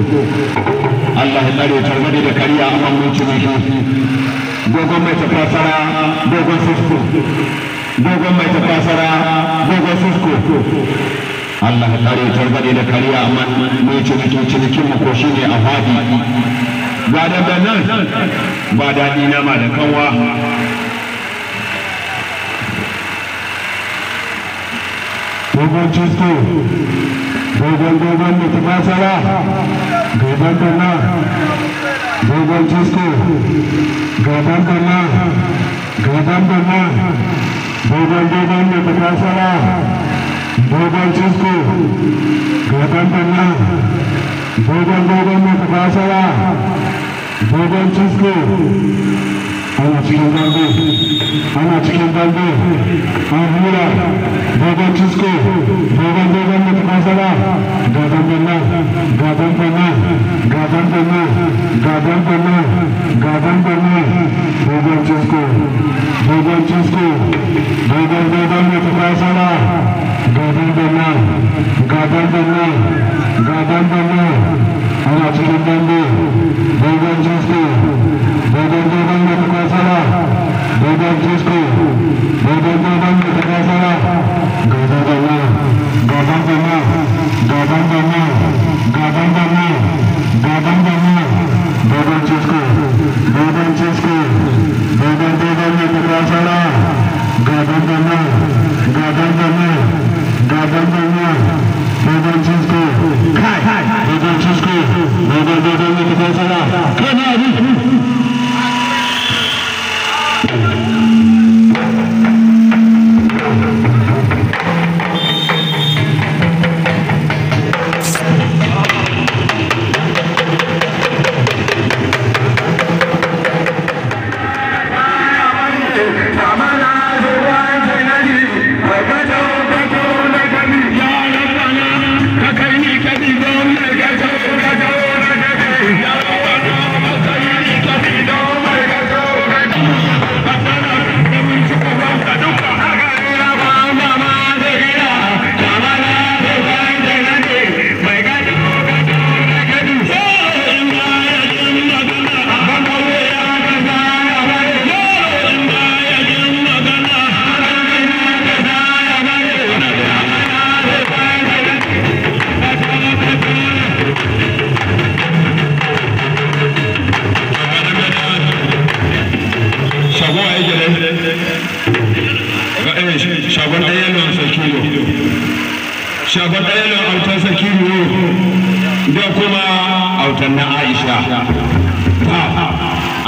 Allah ya tsare tarmadi da kariya a mamunci mai dogon mai tafasara dogon susko dogon mai tafasara dogon susko Allah ya tsare tarmadi da kariya a mamunci mai cikin makoshi ne a fadi Ba da nan ba daɗi na ma da kanwa dogon susko भोजन भोजन में कितना करना दो गोल जिसको गर्दन करना करना में कितना चला दो करना में कितना चला Ana Chilambandu, Ana Chilambandu, Ahmura, Bhavan Chisco, Bhavan Bhavan Mutmasala, Gadam Bana, Gadam Bana, Gadam Bana, Gadam Bana, Gadam Bana, Bhavan Chisco, Bhavan Chisco, Bhavan Bhavan Mutmasala, Gadam Bana, Gadam Bana, Gadam Bana,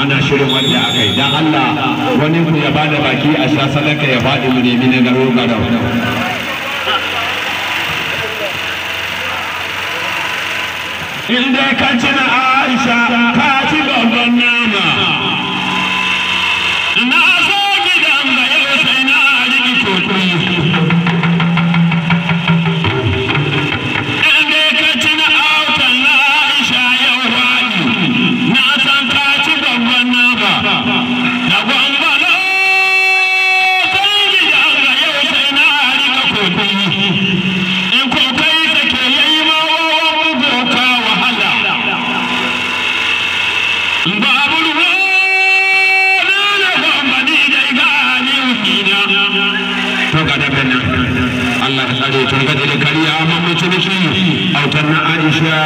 ana shirin wanda aka yi dan Allah wani ku ya bada baki a sha sadaka ya faɗi mu ne na garo garo in dai ka Aisha Allah ta tsare tun gajere kariya mamacin shi autar na Aisha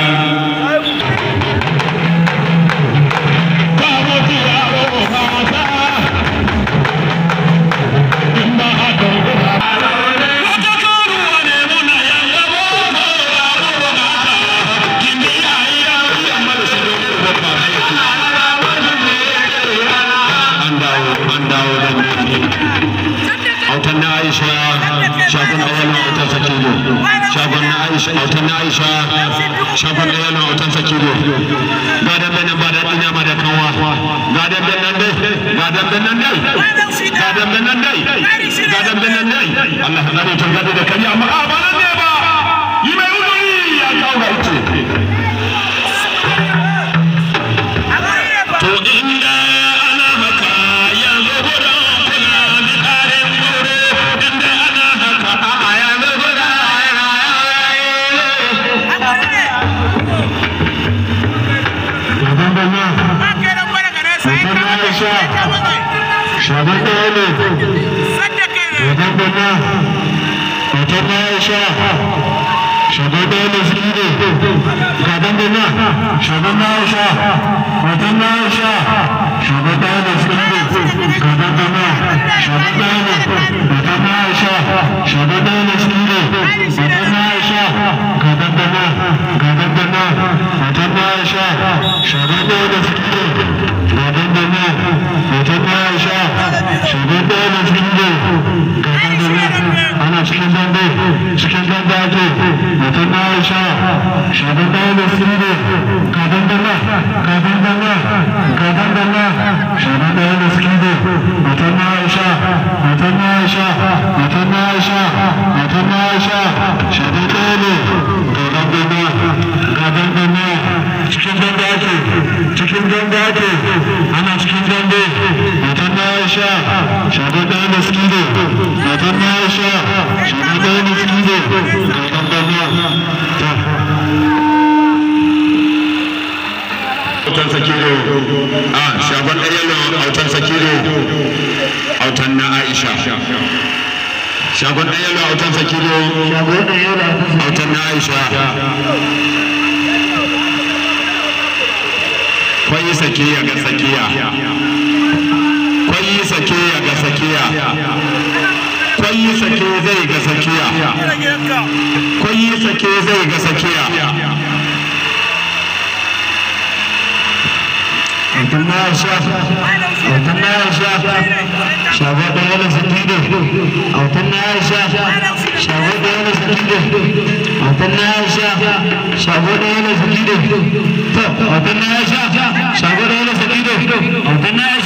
hoton Aisha shafar da yana hoton Sakiro ga dan dan ba da dinya ma da kanwa ga dan nan dai ga dan nan dai ga dan nan dai ga dan nan dai Allah ya tsare ta da kariya amma na hoton na aisha shagon da yana ziki ne gaban da na shagon aisha shagon ɗan yalo autan fakiro autan na aisha kwayi sakiya ga sakiya kwayi sakiya ga sakiya kwayi sake zai ga sakiya kwayi sake zai ga sakiya عبد عبد الله عائشة شابات ولا سكيدة عبد الله عائشة شابات ولا سكيدة عبد الله عائشة شابات ولا سكيدة عبد الله عائشة شابات ولا سكيدة عبد الله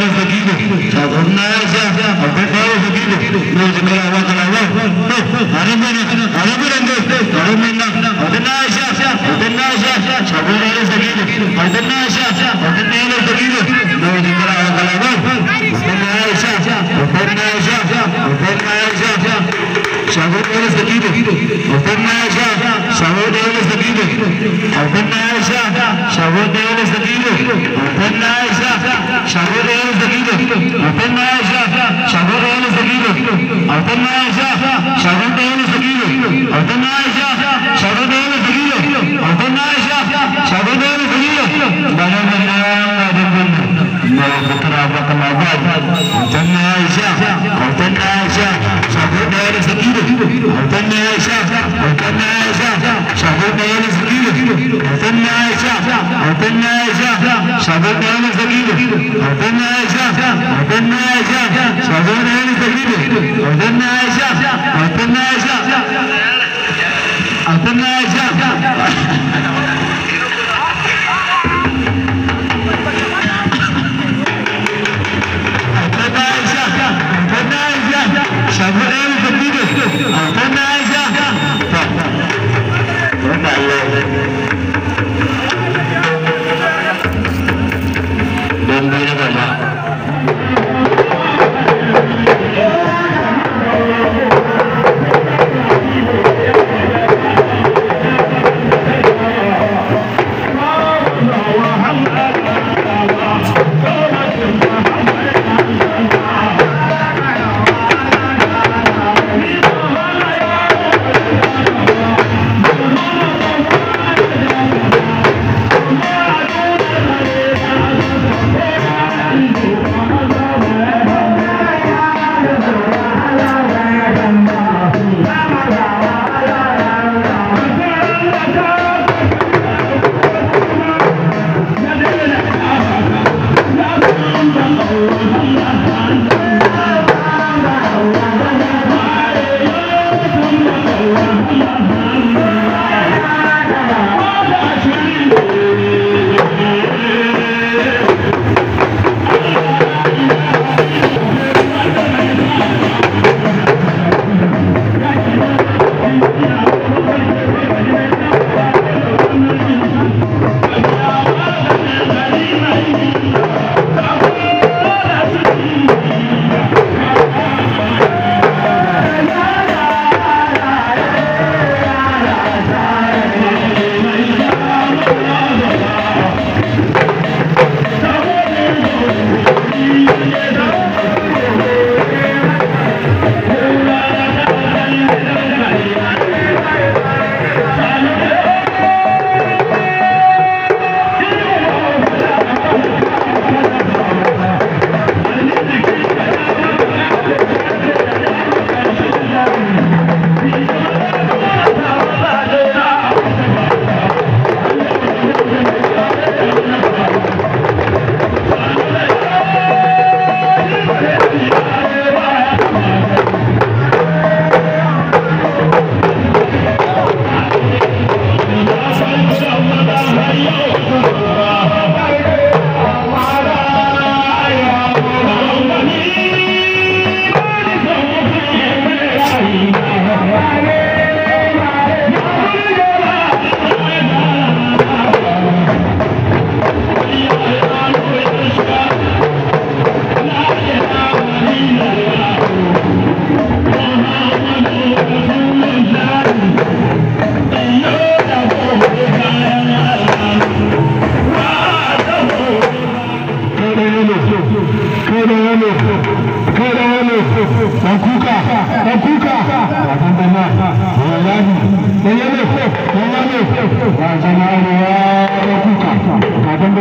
بقدر فقيده فظن يرجع بقدر فقيده ما ذكر الله تعالى أرمنا أرمنا أرمنا أدنا عشاء أدنا Apenas Alberta Aiza, sabor de es de sabor de es de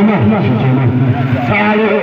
no.